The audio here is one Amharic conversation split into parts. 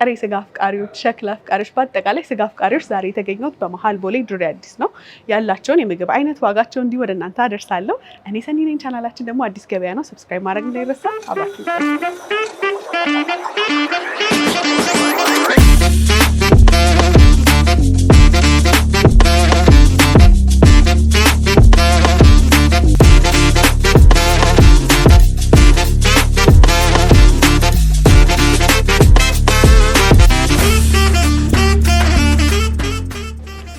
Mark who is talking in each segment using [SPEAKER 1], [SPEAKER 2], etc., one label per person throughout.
[SPEAKER 1] ጥሬ ስጋ አፍቃሪዎች፣ ሸክላ አፍቃሪዎች፣ በአጠቃላይ ስጋ አፍቃሪዎች ዛሬ የተገኘሁት በመሀል ቦሌ ድሬ አዲስ ነው። ያላቸውን የምግብ አይነት ዋጋቸው እንዲህ ወደ እናንተ አደርሳለሁ። እኔ ሰኒ ነኝ። ቻናላችን ደግሞ አዲስ ገበያ ነው። ሰብስክራይብ ማድረግ እንዳይረሳ አብራችሁ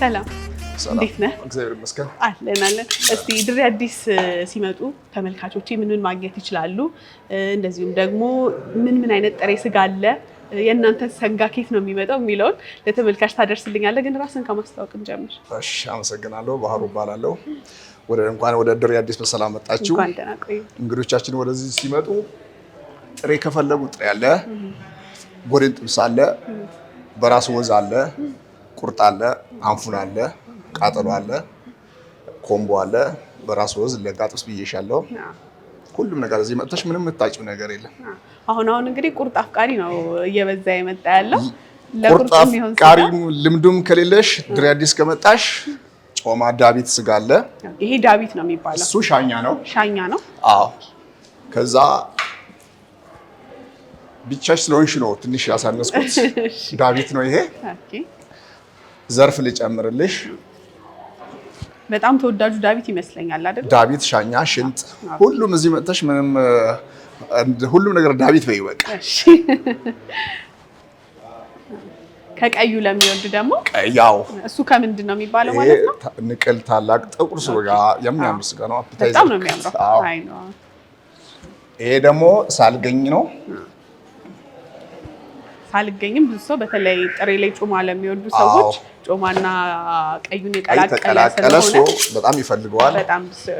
[SPEAKER 1] ሰላም እንዴት ነህ?
[SPEAKER 2] እግዚአብሔር ይመስገን
[SPEAKER 1] አለን አለን። እስቲ ድሬ አዲስ ሲመጡ ተመልካቾቼ ምን ምን ማግኘት ይችላሉ? እንደዚሁም ደግሞ ምን ምን አይነት ጥሬ ስጋ አለ፣ የእናንተ ሰጋ ኬት ነው የሚመጣው የሚለውን ለተመልካች ታደርስልኛለህ። ግን ራስን ከማስታወቅ እንጀምር።
[SPEAKER 2] እሺ፣ አመሰግናለሁ። ባህሩ እባላለሁ። ወደ እንኳን ወደ ድሬ አዲስ በሰላም መጣችሁ። እንግዶቻችን ወደዚህ ሲመጡ ጥሬ ከፈለጉ ጥሬ አለ፣ ጎድን ጥብስ አለ፣ በራስ ወዝ አለ ቁርጥ አለ፣ አንፉን አለ፣ ቃጠሎ አለ፣ ኮምቦ አለ፣ በራስ ወዝ ለጋጥስ ብዬሻለሁ። ሁሉም ነገር እዚህ መጥተሽ ምንም የምታጭው ነገር የለም።
[SPEAKER 1] አሁን አሁን እንግዲህ ቁርጥ አፍቃሪ ነው እየበዛ የመጣ ያለው።
[SPEAKER 2] ቁርጥ አፍቃሪ ልምዱም ከሌለሽ ድሬ አዲስ ከመጣሽ ጮማ ዳቢት ስጋ አለ።
[SPEAKER 1] ይሄ ዳቢት ነው የሚባለው።
[SPEAKER 2] እሱ ሻኛ ነው፣ ሻኛ ነው። አዎ ከዛ ብቻሽ ስለሆንሽ ነው ትንሽ ያሳነስኩት። ዳቢት ነው ይሄ። ዘርፍ ልጨምርልሽ።
[SPEAKER 1] በጣም ተወዳጁ ዳቢት ይመስለኛል አይደል?
[SPEAKER 2] ዳቢት፣ ሻኛ፣ ሽልጥ ሁሉም እዚህ መጥተሽ ምንም ሁሉም ነገር ዳቢት በይ በቃ።
[SPEAKER 1] ከቀዩ ለሚወድ ደግሞ ያው እሱ ከምንድን ነው የሚባለው
[SPEAKER 2] ማለት ነው? ንቅል ታላቅ ጥቁር ስጋ የሚያምር ስጋ ነው።
[SPEAKER 1] በጣም ነው የሚያምረው።
[SPEAKER 2] ይሄ ደግሞ ሳልገኝ ነው
[SPEAKER 1] ካልገኝም ብዙ ሰው በተለይ ጥሬ ላይ ጮማ ለሚወዱ ሰዎች ጮማና ቀዩን
[SPEAKER 2] የቀላቀለ ሰው በጣም ይፈልገዋል።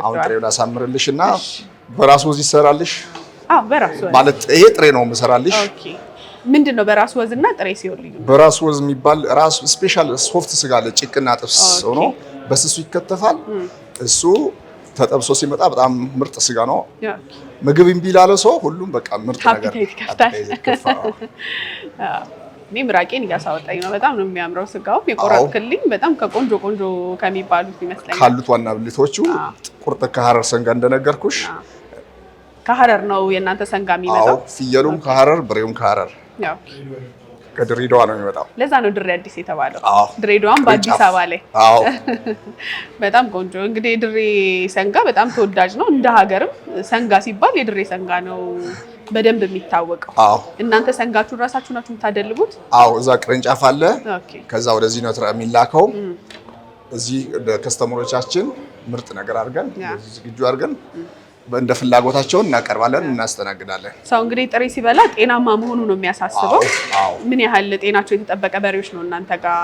[SPEAKER 2] አሁን ጥሬውን አሳምርልሽ እና በራሱ ወዝ ይሰራልሽ። ማለት ይሄ ጥሬ ነው የምሰራልሽ።
[SPEAKER 1] ምንድን ነው በራሱ ወዝ እና ጥሬ ሲሆን ልዩ?
[SPEAKER 2] በራሱ ወዝ የሚባል ራሱ ስፔሻል ሶፍት ስጋ አለ፣ ጭቅና ጥብስ ሆኖ በስሱ ይከተፋል እሱ ተጠብሶ ሲመጣ በጣም ምርጥ ስጋ ነው። ምግብ እምቢ ላለ ሰው ሁሉም በቃ ምርጥ ነገር
[SPEAKER 1] እኔ ምራቄን እያሳወጣኝ ነው። በጣም ነው የሚያምረው ስጋው የቆረጥክልኝ። በጣም ከቆንጆ ቆንጆ ከሚባሉት ይመስለኛል
[SPEAKER 2] ካሉት ዋና ብልቶቹ ቁርጥ ከሀረር ሰንጋ እንደነገርኩሽ
[SPEAKER 1] ከሀረር ነው የእናንተ ሰንጋ
[SPEAKER 2] የሚመጣው። ፍየሉም ከሀረር፣ ብሬውም ከሀረር ከድሬዳዋ ነው የሚመጣው።
[SPEAKER 1] ለዛ ነው ድሬ አዲስ የተባለው። ድሬዳዋም በአዲስ አበባ ላይ በጣም ቆንጆ። እንግዲህ የድሬ ሰንጋ በጣም ተወዳጅ ነው። እንደ ሀገርም ሰንጋ ሲባል የድሬ ሰንጋ ነው በደንብ የሚታወቀው። እናንተ ሰንጋችሁን ራሳችሁ ናችሁ የምታደልቡት?
[SPEAKER 2] አዎ፣ እዛ ቅርንጫፍ አለ። ከዛ ወደዚህ ነው የሚላከው። እዚህ ከስተመሮቻችን ምርጥ ነገር አድርገን ዝግጁ አድርገን እንደ ፍላጎታቸውን እናቀርባለን፣ እናስተናግዳለን።
[SPEAKER 1] ሰው እንግዲህ ጥሬ ሲበላ ጤናማ መሆኑ ነው የሚያሳስበው። ምን ያህል ጤናቸው የተጠበቀ በሬዎች ነው እናንተ ጋር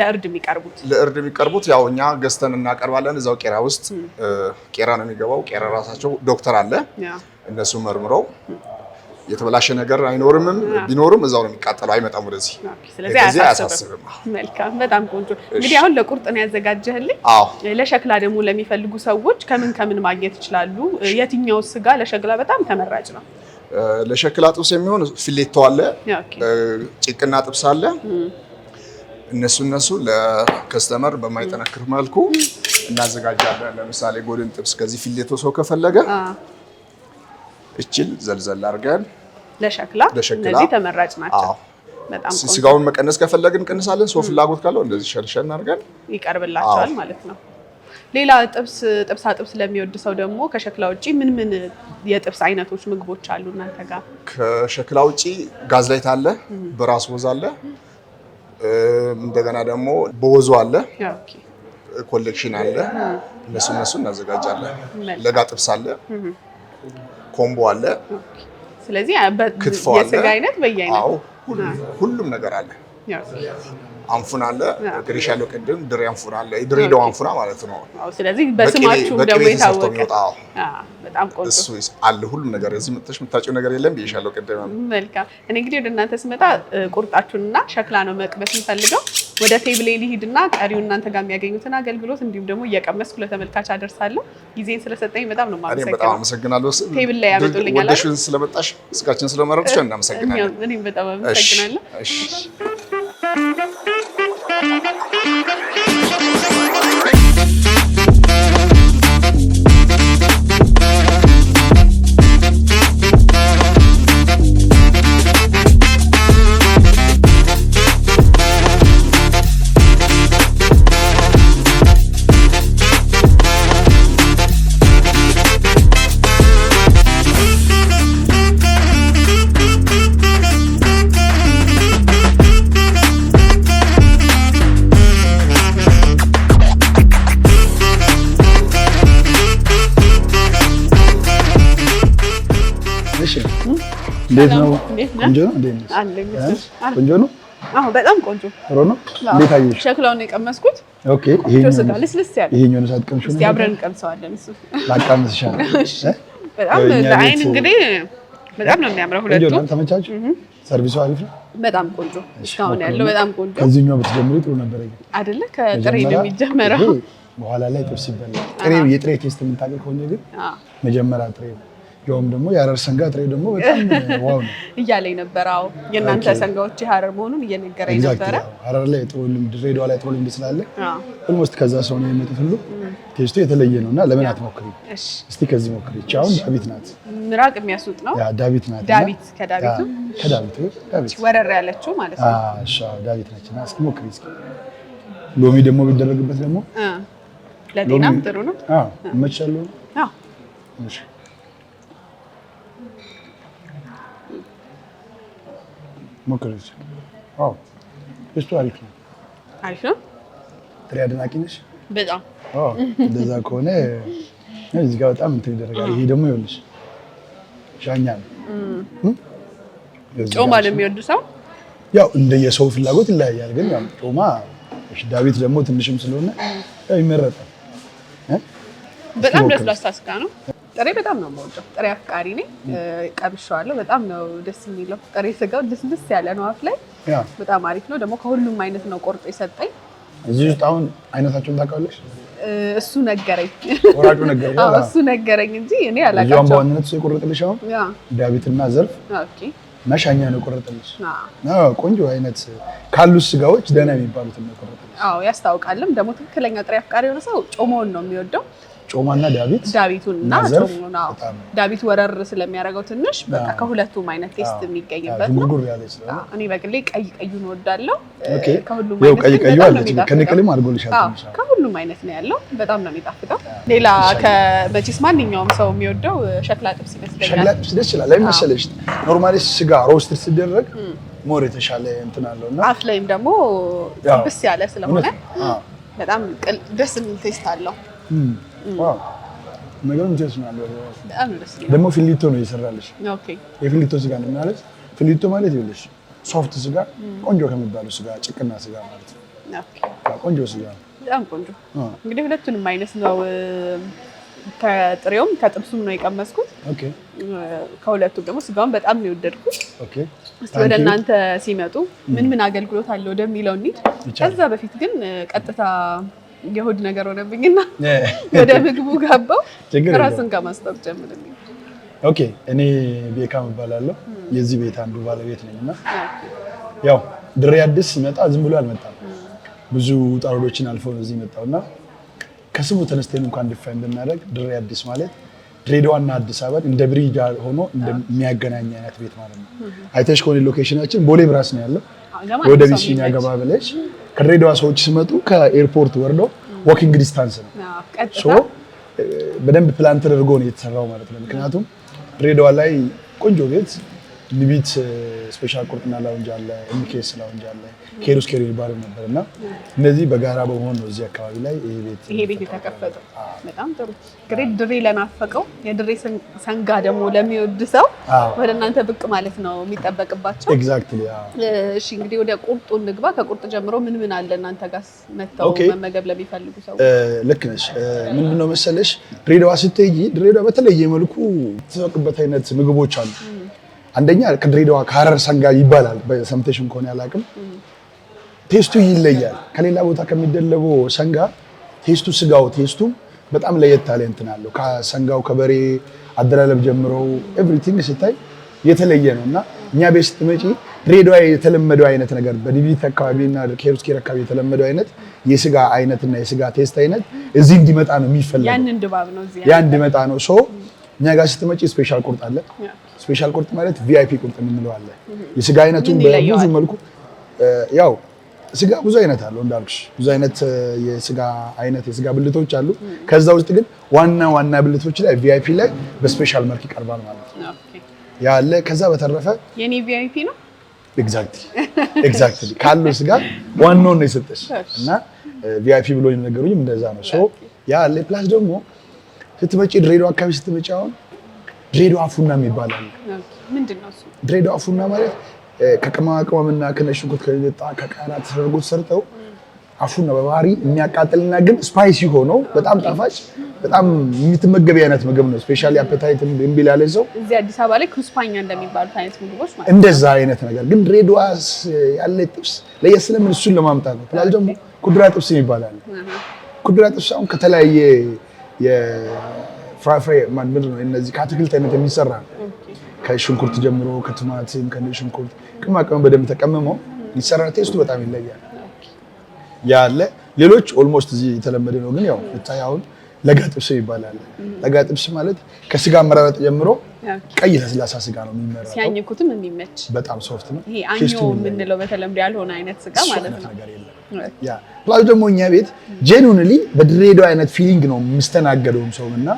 [SPEAKER 1] ለእርድ የሚቀርቡት?
[SPEAKER 2] ለእርድ የሚቀርቡት ያው እኛ ገዝተን እናቀርባለን። እዛው ቄራ ውስጥ ቄራ ነው የሚገባው። ቄራ ራሳቸው ዶክተር አለ፣ እነሱ መርምረው የተበላሸ ነገር አይኖርምም። ቢኖርም እዛው ነው የሚቃጠለው፣ አይመጣም ወደዚህ። ስለዚህ አያሳስብም።
[SPEAKER 1] መልካም፣ በጣም ቆንጆ። እንግዲህ አሁን ለቁርጥ ነው ያዘጋጀህልኝ። ለሸክላ ደግሞ ለሚፈልጉ ሰዎች ከምን ከምን ማግኘት ይችላሉ? የትኛው ስጋ ለሸክላ በጣም ተመራጭ ነው?
[SPEAKER 2] ለሸክላ ጥብስ የሚሆን ፊሌቶ አለ፣ ጭቅና ጥብስ አለ። እነሱ እነሱ ለከስተመር በማይጠነክር መልኩ እናዘጋጃለን። ለምሳሌ ጎድን ጥብስ ከዚህ ፊሌቶ ሰው ከፈለገ እችል ዘልዘል አድርገን ለሸክላ እነዚህ
[SPEAKER 1] ተመራጭ ናቸው።
[SPEAKER 2] ስጋውን መቀነስ ከፈለግን እንቀንሳለን። ሰው ፍላጎት ካለው እንደዚህ ሸርሸር አድርገን
[SPEAKER 1] ይቀርብላቸዋል ማለት ነው። ሌላ ጥብስ ጥብሳ ጥብስ ለሚወድ ሰው ደግሞ ከሸክላ ውጭ ምን ምን የጥብስ አይነቶች ምግቦች አሉ እናንተ ጋር?
[SPEAKER 2] ከሸክላ ውጪ ጋዝ ላይት አለ፣ በራስ ወዝ አለ፣ እንደገና ደግሞ በወዙ አለ፣ ኮሌክሽን አለ። እነሱ እነሱ እናዘጋጃለን። ለጋ ጥብስ አለ፣ ኮምቦ አለ ስለዚህ የስጋ
[SPEAKER 1] አይነት በየአይነት
[SPEAKER 2] ሁሉም ነገር አለ። አለ ያለው ቅድም ድሬ አለ አንፉና ማለት ነው።
[SPEAKER 1] ስለዚህ በስማችሁ
[SPEAKER 2] ደግሞ የታወቀ እሱ አለ ሁሉም ነገር እዚህ መጥተሽ የምታጭው ነገር የለም ቅድም።
[SPEAKER 1] መልካም እኔ እንግዲህ ወደ እናንተ ስመጣ ቁርጣችሁንና ሸክላ ነው መቅመስ የምፈልገው። ወደ ቴብሌ ሊሂድና ቀሪው እናንተ ጋር የሚያገኙትን አገልግሎት እንዲሁም ደግሞ እየቀመስኩ ለተመልካች አደርሳለሁ። ጊዜን ስለሰጠኝ በጣም ነው
[SPEAKER 2] በጣም አመሰግናለሁ። ቴብል ላይ ያመጡልኛል ስለመጣሽ ስጋችን ስለመረጥሽ እናመሰግናለን። እኔም በጣም አመሰግናለሁ። ¡Suscríbete እንዴት
[SPEAKER 1] ነው? ቆንጆ ነው። በጣም ቆንጆ
[SPEAKER 2] ዶሮ ነው። እንዴት አየሽ?
[SPEAKER 1] ሸክላውን የቀመስኩት። ኦኬ፣ ልስልስ ያለ
[SPEAKER 2] ይሄኛውን ሳትቀምሺው
[SPEAKER 1] አብረን እንቀምሰዋለን። እሱ በጣም ለአይን እንግዲህ በጣም ነው የሚያምረው።
[SPEAKER 2] ሰርቪሱ አሪፍ ነው።
[SPEAKER 1] በጣም ቆንጆ እስካሁን ያለው በጣም ቆንጆ።
[SPEAKER 2] ከዚህኛው ብትጀምሪ ጥሩ ነበር
[SPEAKER 1] አይደለ? ከጥሬ ነው የሚጀመረው።
[SPEAKER 2] በኋላ ላይ ጥብስ ይበላል። ጥሬ የጥሬ ቴስት የምታውቂው ከሆነ ግን መጀመሪያ ጥሬ ነው ያውም ደግሞ የሀረር ሰንጋ ጥሬ ደግሞ በጣም ዋው
[SPEAKER 1] ነው እያለኝ ነበረ። አዎ የእናንተ ሰንጋዎች የሀረር መሆኑን እየነገረኝ ነበረ።
[SPEAKER 2] ሀረር ላይ ጥሩ ልምድ፣ ድሬዳዋ ላይ ጥሩ ልምድ ስላለ ኦልሞስት ከዛ ሰው ነው የመጡት ሁሉ ቴስቱ የተለየ ነው እና ለምን አትሞክሪ እስቲ ከዚህ ሞክሪ። ይህች አሁን ዳቢት ናት፣
[SPEAKER 1] ምራቅ የሚያስወጥ ነው። ዳቢት ናት፣ ዳቢት ከዳቢቱ ከዳቢቱ ወረር ያለችው ማለት
[SPEAKER 2] ነው። ዳቢት ነች እና እስኪ ሞክሪ እስኪ ሎሚ ደግሞ ቢደረግበት ደግሞ
[SPEAKER 1] ለጤናም ጥሩ ነው።
[SPEAKER 2] መቻለ ሞክሪት። አዎ እሱ አሪፍ ነው። አሪፍ ነው። ጥሬ አድናቂ ነሽ? በጣም አዎ። እንደዛ ከሆነ እዚህ ጋር በጣም እንትን ይደረጋል። ይሄ ደግሞ ይኸውልሽ ሻኛ ነው።
[SPEAKER 1] ጮማ ለሚወዱ ሰው
[SPEAKER 2] ያው እንደየሰው ፍላጎት ይለያያል። ግን ያው ጮማ ሽዳ ቤት ደግሞ ትንሽም ስለሆነ ይመረጣል።
[SPEAKER 1] በጣም ለስላሳ ስጋ ነው። ጥሬ በጣም ነው የምወደው። ጥሬ አፍቃሪ ነኝ። ቀብሸዋለሁ። በጣም ነው ደስ የሚለው። ጥሬ ስጋው ልስልስ ያለ ነው አፍ ላይ በጣም አሪፍ ነው። ደግሞ ከሁሉም አይነት ነው ቆርጦ የሰጠኝ።
[SPEAKER 2] እዚህ ውስጥ አሁን አይነታቸውን ታውቃለች?
[SPEAKER 1] እሱ ነገረኝ እሱ ነገረኝ እንጂ እኔ
[SPEAKER 2] አላውቃቸውም። በዋናነት እሱ የቆረጥልሽ አሁን ዳዊትና ዘርፍ መሻኛ ነው ቆረጥልሽ። ቆንጆ አይነት ካሉ ስጋዎች ደህና የሚባሉት ነው የቆረጥልሽ።
[SPEAKER 1] ያስታውቃልም ደግሞ ትክክለኛ ጥሬ አፍቃሪ የሆነ ሰው ጮመውን ነው የሚወደው
[SPEAKER 2] ጮማና ዳቢት
[SPEAKER 1] ዳቢቱንና ጮሙና ዳቢት ወረር ስለሚያደርገው ትንሽ በቃ ከሁለቱም አይነት ቴስት የሚገኝበት ነው። ጉርጉር ያለ እኔ በግሌ ቀይ ቀዩ ቀዩን እወዳለሁ።
[SPEAKER 2] ከሁሉም ቀይ ቀዩ አለች ከነቀሌም አድርጎልሻል።
[SPEAKER 1] ከሁሉም አይነት ነው ያለው። በጣም ነው የሚጣፍጠው። ሌላ ከመቼስ ማንኛውም ሰው የሚወደው ሸክላ ጥብስ
[SPEAKER 2] ይመስለኛል። ሸክላ ጥብስ ደስ ይላል። ለምን መሰለሽ ኖርማሊ ስጋ ሮስት ሲደረግ ሞር የተሻለ እንትን አለው
[SPEAKER 1] እና አፍ ላይም ደግሞ ጥብስ ያለ ስለሆነ በጣም ደስ የሚል ቴስት አለው።
[SPEAKER 2] ነገሩን ጀስ ነው ያለው። ደግሞ ፊሊቶ ነው የሰራለች። የፊሊቶ ስጋ ነው ማለት ፊሊቶ ማለት ይኸውልሽ ሶፍት ስጋ ቆንጆ ከሚባለው ስጋ ጭቅና ስጋ ማለት ነው። ቆንጆ ስጋ ነው።
[SPEAKER 1] በጣም ቆንጆ እንግዲህ ሁለቱንም አይነት ነው ከጥሬውም ከጥብሱም ነው የቀመስኩት። ከሁለቱም ደግሞ ስጋውን በጣም ነው የወደድኩት። እስኪ ወደ እናንተ ሲመጡ ምን ምን አገልግሎት አለ ወደሚለው እንሂድ። ከዛ በፊት ግን ቀጥታ የሆድ ነገር ሆነብኝና ወደ ምግቡ ጋባው። ራስን ከማስታወቅ ጀምርልኝ።
[SPEAKER 2] ኦኬ እኔ ቤካም እባላለሁ የዚህ ቤት አንዱ ባለቤት ነኝ እና ያው ድሬ አዲስ ሲመጣ ዝም ብሎ አልመጣም። ብዙ ጣሮዶችን አልፎ ነው እዚህ መጣው እና ከስሙ ተነስተን እንኳን ዲፋይን ብናደርግ ድሬ አዲስ ማለት ድሬዳዋና አዲስ አበባን እንደ ብሪጅ ሆኖ የሚያገናኝ አይነት ቤት ማለት ነው። አይተሽ ከሆነ ሎኬሽናችን ቦሌ ብራስ ነው ያለው ወደ ቢሲኒ ያገባ ብለሽ ከድሬዳዋ ሰዎች ሲመጡ ከኤርፖርት ወርዶ ወኪንግ ዲስታንስ ነው። በደንብ ፕላን ተደርጎ ነው የተሰራው ማለት ነው። ምክንያቱም ድሬዳዋ ላይ ቆንጆ ቤት ልቢት ስፔሻል ቁርጥና ላውንጅ አለ፣ ኤምኬስ ላውንጅ አለ፣ ኬሩስ ኬሩ ባር ነበር እና እነዚህ በጋራ በመሆን ነው እዚህ አካባቢ ላይ
[SPEAKER 1] ይሄ ቤት የተከፈተው። በጣም ጥሩ እንግዲህ ድሬ ለናፈቀው የድሬ ሰንጋ ደግሞ ለሚወድ ሰው ወደ እናንተ ብቅ ማለት ነው የሚጠበቅባቸው። ኤግዛክትሊ። እሺ እንግዲህ ወደ ቁርጡ እንግባ። ከቁርጥ ጀምሮ ምን ምን አለ እናንተ ጋር መተው መመገብ ለሚፈልጉ
[SPEAKER 2] ሰው? ልክ ነሽ። ነው መሰለሽ ድሬዳዋ ስትሄጂ ድሬዳዋ በተለየ መልኩ ትሰቅበት አይነት ምግቦች አሉ አንደኛ ከድሬዳዋ ከሀረር ሰንጋ ይባላል። በሰምቴሽን ከሆነ ያላቅም ቴስቱ ይለያል። ከሌላ ቦታ ከሚደለቡ ሰንጋ ቴስቱ ስጋው ቴስቱ በጣም ለየት ያለ እንትን አለው። ከሰንጋው ከበሬ አደላለብ ጀምሮ ኤቭሪቲንግ ስታይ የተለየ ነው እና እኛ ቤት ስትመጪ ድሬዳዋ የተለመደው አይነት ነገር በዲቪት አካባቢ እና ኬሮስኬር አካባቢ የተለመደው አይነት የስጋ አይነት እና የስጋ ቴስት አይነት እዚህ እንዲመጣ ነው የሚፈለገው። ያን እንዲመጣ ነው። እኛ ጋር ስትመጪ ስፔሻል ቁርጥ ስፔሻል ቁርጥ ማለት ቪአይፒ ቁርጥ የምንለው አለ። የስጋ አይነቱን በብዙ መልኩ ያው ስጋ ብዙ አይነት አለው እንዳልኩሽ፣ ብዙ አይነት የስጋ አይነት የስጋ ብልቶች አሉ። ከዛ ውስጥ ግን ዋና ዋና ብልቶች ላይ ቪአይፒ ላይ በስፔሻል መልክ ይቀርባል ማለት ነው ያለ። ከዛ በተረፈ
[SPEAKER 1] የኔ ቪአይፒ ነው።
[SPEAKER 2] ኤግዛክትሊ ኤግዛክትሊ ካለው ስጋ ዋናውን ነው የሰጠሽ እና ቪአይፒ ብሎ የነገሩኝ እንደዛ ነው። ሶ ያለ ፕላስ ደግሞ ስትመጪ ድሬዳዋ አካባቢ ስትመጪ አሁን ድሬዳዋ ፉና የሚባል አለ። ድሬዳዋ ፉና ማለት ከቅመማ ቅመምና ከነሽንኩርት ከሌጣ ከቃና ተደርጎ ተሰርተው አፉና በባህሪ የሚያቃጥልና ግን ስፓይሲ ሆኖ በጣም ጣፋጭ በጣም የምትመገብ አይነት ምግብ ነው። ስፔሻሊ አፔታይት እምቢል ያለ ሰው
[SPEAKER 1] እዚህ አዲስ አበባ ላይ ክሩስፓኛ እንደሚባሉት አይነት
[SPEAKER 2] ምግቦች ማለት እንደዛ አይነት ነገር ግን ድሬዳዋ ያለ ጥብስ ለየት ስለምን እሱን ለማምጣት ነው። ፕላስ ደግሞ ኩድራ ጥብስ ይባላል። ኩድራ ጥብስ አሁን ከተለያየ ፍራፍሬ ምንድን ነው እነዚህ ከአትክልት አይነት የሚሰራ ከሽንኩርት ጀምሮ ከቲማቲም ከነጭ ሽንኩርት ቅመማ ቅመም በደንብ ተቀምሞ ይሰራ። ቴስቱ በጣም ይለያል ያለ ሌሎች ኦልሞስት እዚህ የተለመደ ነው። ግን ያው ብታይ አሁን ለጋ ጥብስ ይባላል። ለጋ ጥብስ ማለት ከስጋ አመራረጥ ጀምሮ ቀይ ለስላሳ ስጋ ነው
[SPEAKER 1] የሚመረጠው። ሲያኝኩትም የሚመች
[SPEAKER 2] በጣም ሶፍት ነው።
[SPEAKER 1] ይሄ አኞ የምንለው በተለምዶ ያልሆነ አይነት ስጋ ማለት ነው። ነገር
[SPEAKER 2] የለም ፕላስ ደግሞ እኛ ቤት ጄኑንሊ በድሬዳዋ አይነት ፊሊንግ ነው የሚስተናገደውም ሰውም እና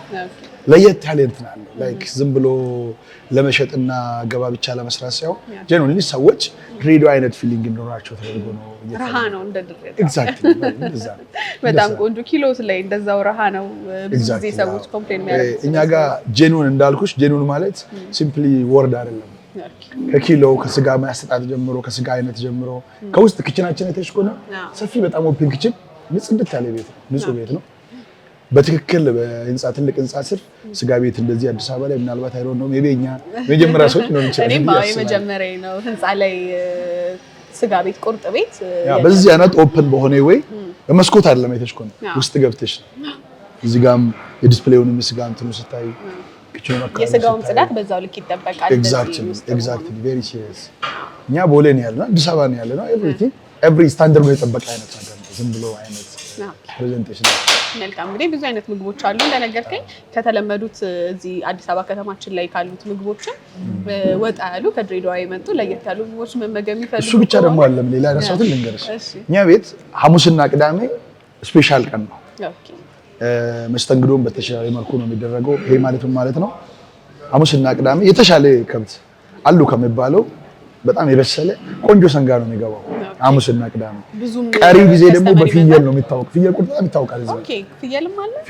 [SPEAKER 2] ለየት ታሌንት ናለ ላይክ ዝም ብሎ ለመሸጥና ገባ ብቻ ለመስራት ሳይሆን ጄኑንሊ ሰዎች ድሬዳዋ አይነት ፊሊንግ እንዲኖራቸው ተደርጎ
[SPEAKER 1] ነው። ረሃ ነው እንደ ድሬዳዋ በጣም ቆንጆ ኪሎት ላይ እንደዛው ረሃ ነው። ብዙ ጊዜ ሰዎች ኮምፕሌን
[SPEAKER 2] የሚያደርጉት እኛ ጋር ጄኑን እንዳልኩሽ ጄኑን ማለት ሲምፕሊ ወርድ አይደለም ከኪሎ ከስጋ ማያሰጣት ጀምሮ ከስጋ አይነት ጀምሮ ከውስጥ ክችናችን አይተሽ ከሆነ ሰፊ በጣም ኦፕን ክችን ንጽድት ያለ ቤት ነው። ንጹህ ቤት ነው። በትክክል በህንፃ ትልቅ ህንፃ ስር ስጋ ቤት እንደዚህ አዲስ አበባ ላይ ምናልባት አይሮ ነው ሜቢ መጀመሪያ የመጀመሪያ ሰዎች ነው
[SPEAKER 1] ይችላል። ባይ መጀመሪያ ነው ህንፃ ላይ ስጋ ቤት ቁርጥ ቤት
[SPEAKER 2] በዚህ አይነት ኦፕን በሆነ ወይ በመስኮት አይደለም አይተሽ ከሆነ ውስጥ ገብተሽ እዚህ ጋም የዲስፕሌውንም ስጋ እንትኑ ስታይ
[SPEAKER 1] የስጋውም ጽዳት በዛው ልክ ይጠበቃል።
[SPEAKER 2] እኛ ቦሌ ነው ያለነው፣ አዲስ አበባ ነው ያለነው። ኤቭሪቲንግ ኤቭሪ ስታንደርዱ የጠበቀ አይነት ነገር ነው። ዝም ብሎ አይነት ፕሬዘንቴሽን
[SPEAKER 1] መልካም እንግዲህ ብዙ አይነት ምግቦች አሉ እንደነገርከኝ። ከተለመዱት እዚህ አዲስ አበባ ከተማችን ላይ ካሉት ምግቦችም ወጣ ያሉ ከድሬዳዋ የመጡ ለየት ያሉ ምግቦች መመገብ የሚፈልጉ
[SPEAKER 2] እሱ ብቻ ደግሞ አለም ሌላ ያነሳሁትን ልንገርሽ። እኛ ቤት ሐሙስና ቅዳሜ ስፔሻል ቀን ነው። መስተንግዶም በተሻለ መልኩ ነው የሚደረገው። ይሄ ማለትም ማለት ነው ሐሙስና ቅዳሜ የተሻለ ከብት አሉ ከሚባለው በጣም የበሰለ ቆንጆ ሰንጋ ነው የሚገባው ሐሙስና ቅዳሜ። ቀሪ ጊዜ ደግሞ በፍየል ነው የሚታወቅ። ፍየል ቁርጥ በጣም ይታወቃል።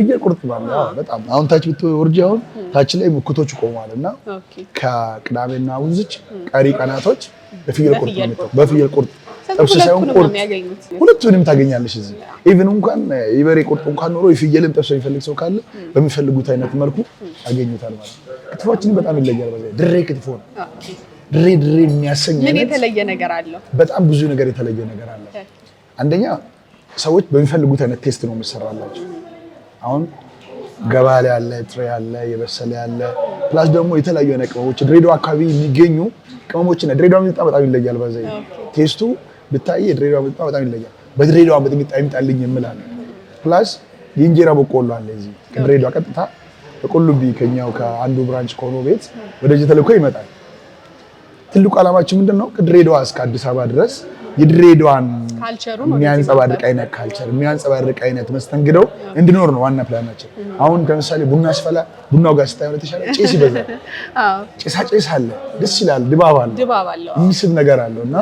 [SPEAKER 2] ፍየል ቁርጥ በጣም አሁን ታች ብትወርጂ አሁን ታች ላይ ምክቶች ቆመዋል እና ከቅዳሜና ውዝች ቀሪ ቀናቶች በፍየል ቁርጥ ነው የሚታወቅ በፍየል ቁርጥ
[SPEAKER 1] ጥብስ ሳይሆን ቁርጥ
[SPEAKER 2] ሁለቱንም ታገኛለሽ እዚህ። ኢቭን እንኳን የበሬ ቁርጥ እንኳን ኖሮ የፍየልን ጥብስ የሚፈልግ ሰው ካለ በሚፈልጉት አይነት መልኩ ያገኙታል ማለት ነው። ክትፏችንም በጣም ይለያል። ድሬ ክትፎ ነው። ድሬ ድሬ የሚያሰኝ
[SPEAKER 1] ምን የተለየ ነገር አለው?
[SPEAKER 2] በጣም ብዙ ነገር የተለየ ነገር አለ። አንደኛ ሰዎች በሚፈልጉት አይነት ቴስት ነው የምሰራላቸው። አሁን ገባል ያለ ጥሬ ያለ የበሰለ ያለ ፕላስ ደግሞ የተለያዩ አይነት ቅመሞች ድሬዳዋ አካባቢ የሚገኙ ቅመሞችና ድሬዳዋ በጣም በጣም ይለያል። በዛ ቴስቱ ብታይ የድሬዳዋ ሚጥሚጣ በጣም ይለያል። በድሬዳዋ ሚጥሚጣ ይምጣልኝ የምላል። ፕላስ የእንጀራ በቆሎ አለ እዚህ ከድሬዳዋ ቀጥታ በቆሎቢ ከኛው ከአንዱ ብራንች ከሆኖ ቤት ወደዚህ ተልኮ ይመጣል። ትልቁ ዓላማችን ምንድን ነው? ከድሬዳዋ እስከ አዲስ አበባ ድረስ የድሬዳዋን የሚያንጸባርቅ አይነት ካልቸር የሚያንጸባርቅ አይነት መስተንግደው እንዲኖር ነው ዋና ፕላናችን። አሁን ለምሳሌ ቡና ስፈላ ቡናው ጋር ስታይ የተሻለ ጭስ ይበዛል፣ ጭሳ ጭስ አለ፣ ደስ ይላል፣ ድባብ አለ፣ የሚስብ ነገር አለው እና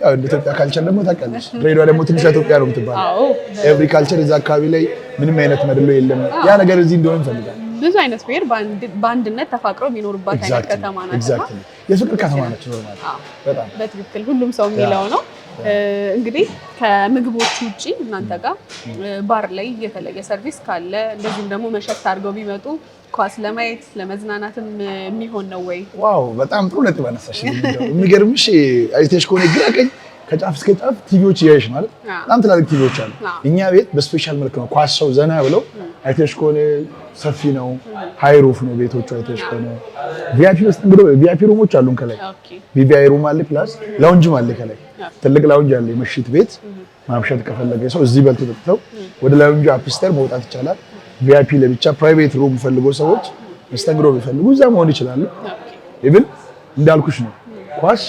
[SPEAKER 2] ያው እንደ ኢትዮጵያ ካልቸር ደግሞ ታውቂያለሽ፣ ድሬዳዋ ደግሞ ትንሿ ኢትዮጵያ ነው የምትባለው። ኤቭሪ ካልቸር እዛ አካባቢ ላይ ምንም አይነት መድሎ የለም። ያ ነገር እዚህ እንደሆነ
[SPEAKER 1] እንፈልጋለን። ብዙ አይነት ብሔር በአንድነት ተፋቅረው የሚኖሩባት
[SPEAKER 2] አይነት ከተማ ናት። የፍቅር ከተማ ናት።
[SPEAKER 1] በጣም በትክክል ሁሉም ሰው የሚለው ነው። እንግዲህ ከምግቦች ውጭ እናንተ ጋር ባር ላይ የተለየ ሰርቪስ ካለ እንደዚሁም ደግሞ መሸት አድርገው ቢመጡ ኳስ ለማየት ለመዝናናትም የሚሆን ነው ወይ?
[SPEAKER 2] ዋው በጣም ጥሩ ነጥብ አነሳሽ። የሚገርምሽ አይተሽ ከሆነ ግራ ቀኝ ከጫፍ እስከ ጫፍ ቲቪዎች እያየሽ ማለት በጣም ትላልቅ ቲቪዎች አሉ። እኛ ቤት በስፔሻል መልክ ነው ኳስ ሰው ዘና ብለው አይተሽ ከሆነ ሰፊ ነው። ሃይ ሩፍ ነው ቤቶቹ። አይተሽ ከሆነ ቪአይፒ ውስጥ እንግዲህ ቪአይፒ ሩሞች አሉን ከላይ ቪቪአይ ሩም አለ፣ ፕላስ ላውንጅም አለ። ከላይ ትልቅ ላውንጅ አለ። የምሽት ቤት ማምሸት ከፈለገ ሰው እዚህ በልቶ ጠጥተው ወደ ላውንጅ አፕስተር መውጣት ይቻላል። ቪአይፒ ለብቻ ፕራይቬት ሩም ፈልጎ ሰዎች መስተንግዶ ቢፈልጉ እዛ መሆን ይችላሉ። ኢቭን እንዳልኩሽ ነው ኳስ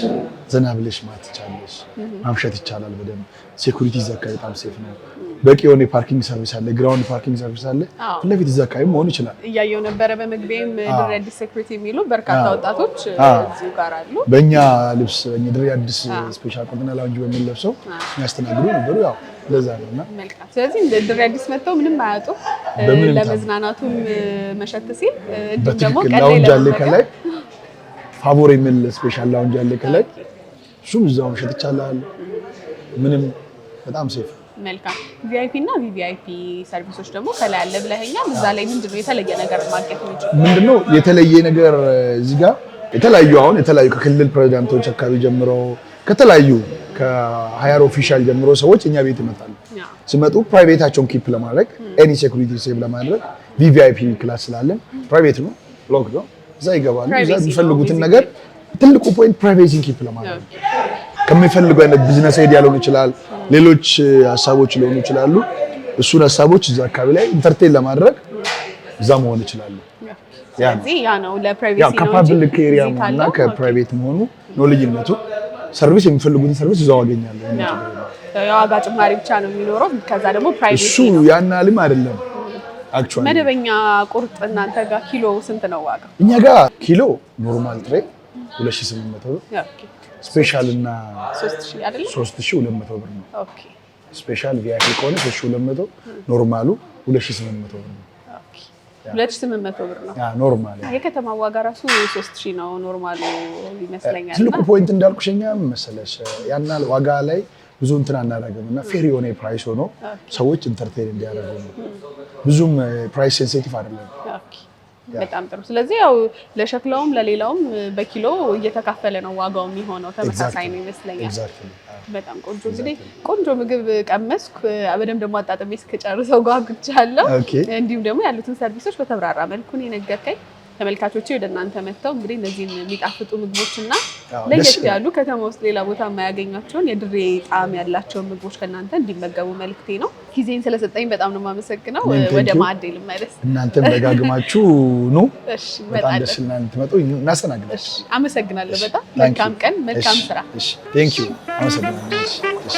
[SPEAKER 2] ዘና ብለሽ ማት ይቻለሽ ማምሸት ይቻላል በደንብ። ሴኩሪቲ ዘካ በጣም ሴፍ ነው። በቂ የሆነ የፓርኪንግ ሰርቪስ አለ፣ ግራውንድ ፓርኪንግ ሰርቪስ አለ። ፊት ለፊት እዛ አካባቢ መሆን ይችላል።
[SPEAKER 1] እያየው ነበረ በመግቢያም ድሬ አዲስ ሴኩሪቲ የሚሉ በርካታ ወጣቶች እዚሁ ጋር አሉ።
[SPEAKER 2] በእኛ ልብስ ድሬ አዲስ ስፔሻል ኮንትና ላውንጅ በሚል ለብሰው የሚያስተናግዱ ነበሩ። ያው ለዛ ነው እና
[SPEAKER 1] መልካም። ስለዚህ ድሬ አዲስ መጥተው ምንም አያጡ ለመዝናናቱም መሸት ሲል
[SPEAKER 2] እንዲሁም ደግሞ ላውንጅ አለ ከላይ ፋቮር የሚል ስፔሻል ላውንጅ አለ ከላይ እሱም እዛው መሸት ይቻላል። ምንም በጣም ሴፍ
[SPEAKER 1] መልካም ቪአይፒ እና ቪቪአይፒ ሰርቪሶች ደግሞ ከላይ አለ ብለኸኛል። እዛ ላይ ምንድነው የተለየ ነገር ማግኘት
[SPEAKER 2] የሚችል ምንድነው የተለየ ነገር እዚህ ጋር የተለያዩ አሁን የተለያዩ ከክልል ፕሬዚዳንቶች አካባቢ ጀምሮ ከተለያዩ ከሀያር ኦፊሻል ጀምሮ ሰዎች እኛ ቤት ይመጣሉ። ሲመጡ ፕራይቬታቸውን ኪፕ ለማድረግ ኤኒ ሴኩሪቲ ሴቭ ለማድረግ ቪቪአይፒ ክላስ ስላለን ፕራይቬት ነው፣ ሎክ ነው። እዛ ይገባሉ። እዛ የሚፈልጉትን ነገር ትልቁ ፖይንት ፕራይቬሲን ኪፕ ለማድረግ ከሚፈልጉ አይነት ቢዝነስ ሄድ ያለሆን ይችላል ሌሎች ሀሳቦች ሊሆኑ ይችላሉ። እሱን ሀሳቦች እዛ አካባቢ ላይ ኢንተርቴን ለማድረግ እዛ መሆን ይችላሉ። ከፓብሊክ ኤሪያ መሆኑና ከፕራይቬት መሆኑ ነው ልዩነቱ። ሰርቪስ የሚፈልጉትን ሰርቪስ እዛው አገኛለሁ።
[SPEAKER 1] የዋጋ ጭማሪ ብቻ ነው የሚኖረው። ከዛ ደግሞ ፕራይቬት
[SPEAKER 2] እሱ ያን አልም አይደለም።
[SPEAKER 1] መደበኛ ቁርጥ እናንተ ጋር ኪሎ ስንት ነው ዋጋ?
[SPEAKER 2] እኛ ጋር ኪሎ ኖርማል ጥሬ 2800 ብር ስፔሻል እና ሶስት ሺህ ሁለት መቶ ብር ነው። ስፔሻል ቪአይፒ ከሆነ ሶስት ሺህ ሁለት መቶ ኖርማሉ ሁለት ሺህ ስምንት መቶ ብር ነው።
[SPEAKER 1] ሁለት ሺህ ስምንት መቶ ብር ነው ኖርማል። የከተማ ዋጋ ራሱ ሶስት ሺህ ነው ኖርማሉ ይመስለኛል።
[SPEAKER 2] ትልቁ ፖይንት እንዳልኩሽ እኛ መሰለሽ ያን ዋጋ ላይ ብዙ እንትን አናደርግም እና ፌር የሆነ ፕራይስ ሆኖ ሰዎች ኢንተርቴን እንዲያደርጉ ነው። ብዙም ፕራይስ ሴንሲቲቭ አይደለም።
[SPEAKER 1] በጣም ጥሩ። ስለዚህ ያው ለሸክላውም ለሌላውም በኪሎ እየተካፈለ ነው ዋጋው የሚሆነው ተመሳሳይ ነው ይመስለኛል። በጣም ቆንጆ እንግዲህ ቆንጆ ምግብ ቀመስኩ። በደንብ ደግሞ አጣጥሜ እስከጨርሰው ጓጉቻለሁ። እንዲሁም ደግሞ ያሉትን ሰርቪሶች በተብራራ መልኩን የነገርከኝ። ተመልካቾቼ ወደ እናንተ መጥተው እንግዲህ እነዚህን የሚጣፍጡ ምግቦች እና ለየት ያሉ ከተማ ውስጥ ሌላ ቦታ የማያገኛቸውን የድሬ ጣዕም ያላቸውን ምግቦች ከእናንተ እንዲመገቡ መልክቴ ነው። ጊዜን ስለሰጠኝ በጣም ነው የማመሰግነው። ወደ ማዕድ ልመለስ።
[SPEAKER 2] እናንተም ደጋግማችሁ ኑ፣ በጣም ደስ ይላል እናስተናግዳለን።
[SPEAKER 1] አመሰግናለሁ በጣም መልካም ቀን፣ መልካም ስራ።
[SPEAKER 2] አመሰግናለሁ።